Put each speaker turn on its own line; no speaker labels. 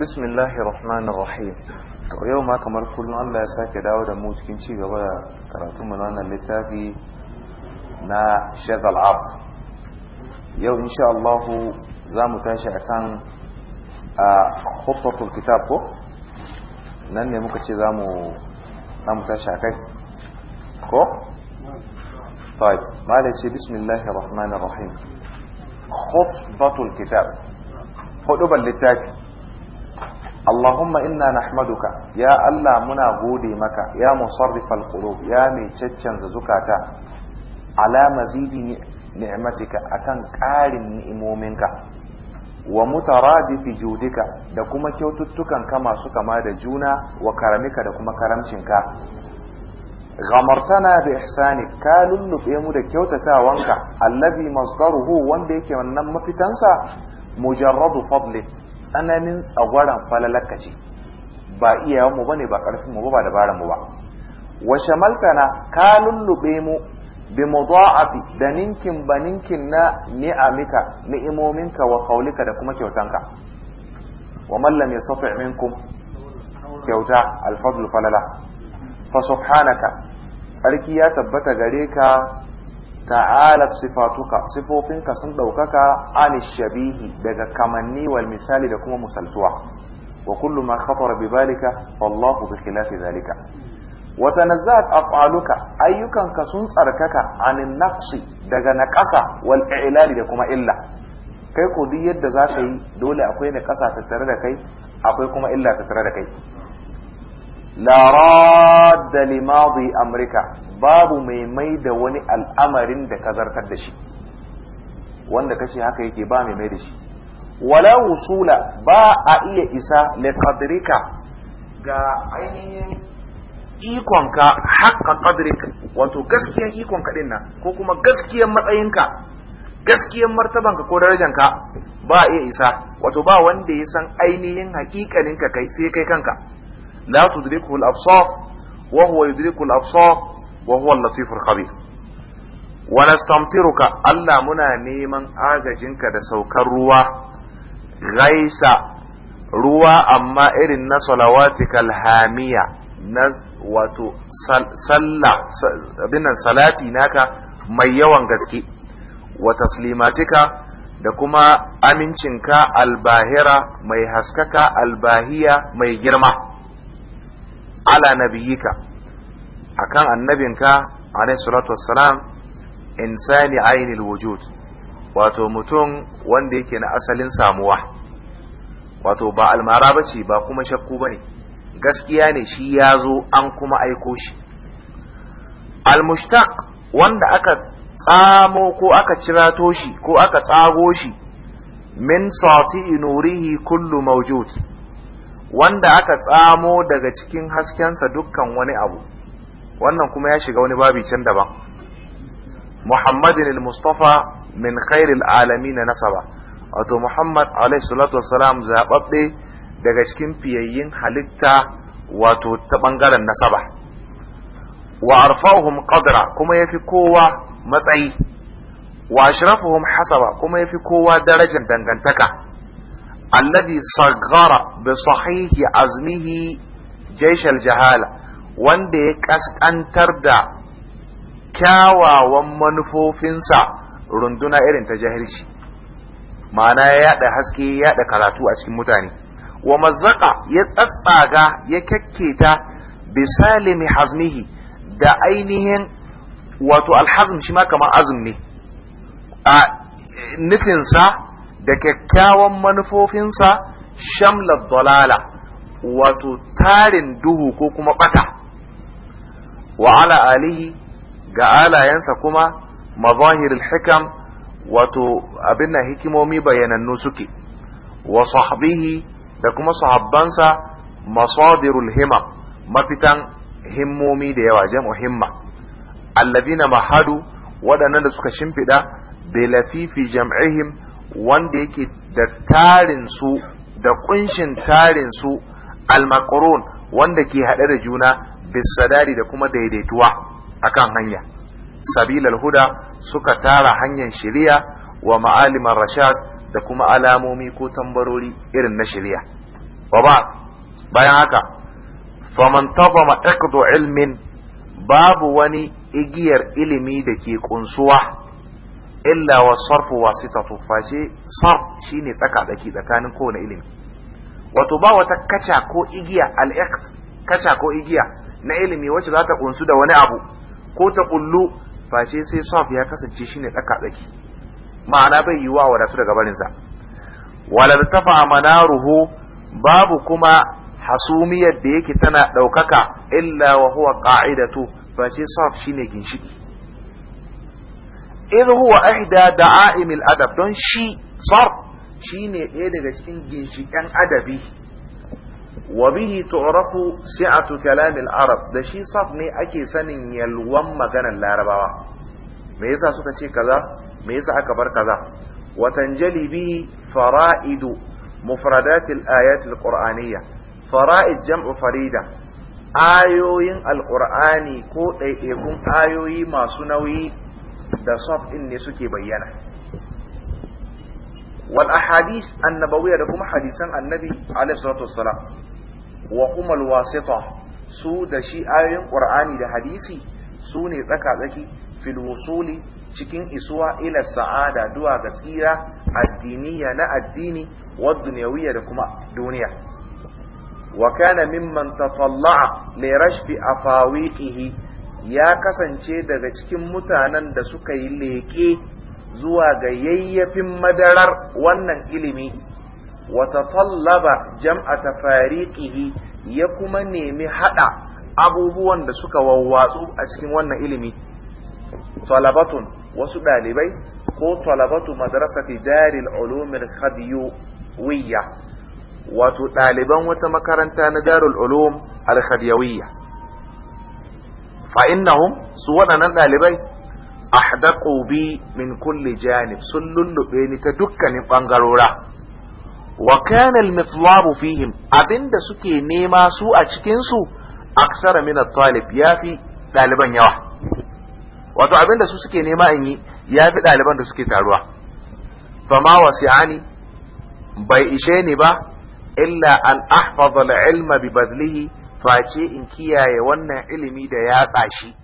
بسم الله الرحمن الرحيم ويوم كمر كل الله ساك دعوة موج كنشي غبا كراتم لنا لتافي نا شذ العرض يو إن شاء الله زام تاشع كان خطط الكتاب نن يمك زامو زام تاشع كي كو طيب ما لدي بسم الله الرحمن الرحيم خطبة الكتاب خطبة لتافي Allahumma inna nahmaduka ya Allah muna gode maka ya musarrifal qulub ya mai caccanza zukata ala mazidi ni'matika akan ƙarin ni'imominka wa mutaradifi judika da kuma kyaututtukan ka masu kama da juna wa karamika da kuma karamcinka ghamartana bi ihsani ka lullube mu da kyautatawanka allazi masdaruhu wanda yake wannan mafitansa mujarradu fadli tsananin tsagwaran falalaka ce ba iyayenmu ba ne ba ƙarfinmu ba ba mu ba wa shamaltana ka lullube mu bi mudha'afi da ninkin ba ninkin na ni'amika ni'imominka wa qaulika da kuma kyautanka wa man lam yastati' minkum kyauta al falala fa subhanaka tsarki ya tabbata gare ka ta'alat sifatuka sifofinka sun ɗaukaka ani shabihi daga kamanni wal misali da kuma musaltuwa wa kullu ma khatara bi balika wallahu bi khilafi zalika wa tanazzat af'aluka ayyukanka sun tsarkaka ani naqsi daga naqasa wal i'lali da kuma illa kai ko duk yadda zaka yi dole akwai naqasa tattare da kai akwai kuma illa tattare da kai la radda li madi babu mai mai da wani al'amarin da ka zartar da shi wanda kace haka yake ba mai mai da shi wala wusula ba a iya isa li qadrika ga ainihin ikonka haqqa qadrik wato gaskiyan ikonka din ko kuma gaskiyan matsayinka gaskiyan martabanka ko darajanka ba a iya isa wato ba wanda ya san ainihin hakikaninka kai sai kai kanka لا تدركه الأبصار وهو يدرك الأبصار وهو اللطيف الخبير ونستمطرك ألا منا نيما آججنك دسوك الروا غيث روا أما إرن صلواتك الهامية نز wato sallah abinnan salati naka mai yawan gaske wa taslimatika da kuma amincinka albahira mai haskaka albahiya mai girma ala nabiyika akan annabinka alayhi salatu wassalam insani ainihin wujud wato mutum wanda yake na asalin samuwa wato ba almara bace ba kuma shakku bane gaskiya ne shi ya zo an kuma aiko shi almushtaq wanda aka tsamo ko aka cirato shi ko aka tsago shi min sati nurihi kullu mawjud wanda aka tsamo daga cikin haskensa dukkan wani abu wannan kuma ya shiga wani babi can daban muhammadin al-mustafa min khairil alamin nasaba wato muhammad alayhi salatu wassalam zababbe daga cikin fiyayyin halitta wato ta bangaren nasaba wa arfahum qadra kuma yafi kowa matsayi wa ashrafuhum hasaba kuma yafi kowa darajar dangantaka الذي صغر بصحيح عزمه جيش الجهالة wanda ya kaskantar da kyawawan manufofinsa runduna irin ta jahilci ma'ana ya yada haske ya yada karatu a cikin mutane wa mazaƙa ya tsatsaga ya kyakketa bisalimi hazmihi da ainihin wato alhazm shi ma kamar azum ne a nufinsa da kyakkyawan manufofinsa shamlar dalala wato tarin duhu ko kuma bata wa ala alihi ga alayensa kuma mazahirul hikam wato abin na hikimomi bayanannu suke wa sahbihi da kuma sahabbansa masadirul hima mafitan himmomi da yawa jam'u himma allazina mahadu waɗannan da suka shimfiɗa bi lafifi jam'ihim wanda yake da tarin su da kunshin tarin su almaqrun wanda ke hade da juna bisadari da kuma daidaituwa akan hanya sabilal huda suka tara hanyar shari'a wa ma'alimar rashad da kuma alamomi ko tambarori irin na shari'a wa ba bayan haka faman tabama iqdu ilmin babu wani igiyar ilimi da ke kunsuwa illa wa sarfu wasitatu face sarf shine tsaka daki tsakanin kowane ilimi wato ba wata kaca ko igiya al kaca ko igiya na ilimi wacce za ta kunsu da wani abu ko ta kullu face sai sarf ya kasance shine tsaka daki ma'ana bai yiwa wadatu daga barinsa walar tafa manaruhu babu kuma hasumiyar da yake tana ɗaukaka illa wa huwa qa'idatu face sarf shine ginshiki in huwa ahda da'aim al-adab don shi sar shine ɗaya daga cikin ginshiƙen adabi wa bihi tu'rafu si'atu kalam al-arab da shi sar ne ake sanin yalwan maganar larabawa me yasa suka ce kaza me yasa aka bar kaza wa tanjali bihi fara'idu mufradatil ayatil ayat al fara'id jam'u farida ayoyin alqur'ani ko ɗaiɗaikun ayoyi masu nauyi da saf din ne suke bayyana wal ahadith annabawiyya da kuma hadisan annabi alaihi salatu wassalam wa kuma al su da shi ayoyin qur'ani da hadisi su ne tsaka tsaki fil wusuli cikin isuwa ila sa'ada duwa ga tsira addiniya na addini wa da kuma duniya wa kana mimman tatalla'a li rashfi afawiqihi ya kasance daga cikin mutanen da suka yi leƙe zuwa ga yayyafin madarar wannan ilimi wata tallaba jam'a ta fariƙihi ya kuma nemi haɗa abubuwan da suka wawwatsu a cikin wannan ilimi talabatun wasu ɗalibai ko talabatu madrasati daril ulumil khadiyawiyya wato ɗaliban wata makaranta na darul ulum al khadiyawiyya fa innahum su waɗannan ɗalibai ahdaqu bi min kulli janib sun lullube ni ta dukkanin ɓangarora wa kana al fihim abinda suke nema su a cikin su aksara min at-talib yafi ɗaliban yawa wato abinda su suke nema in yi yafi ɗaliban da suke taruwa fama wasi'ani bai ishe ni ba illa an ahfaza al-ilma bi badlihi face in kiyaye wannan ilimi da ya shi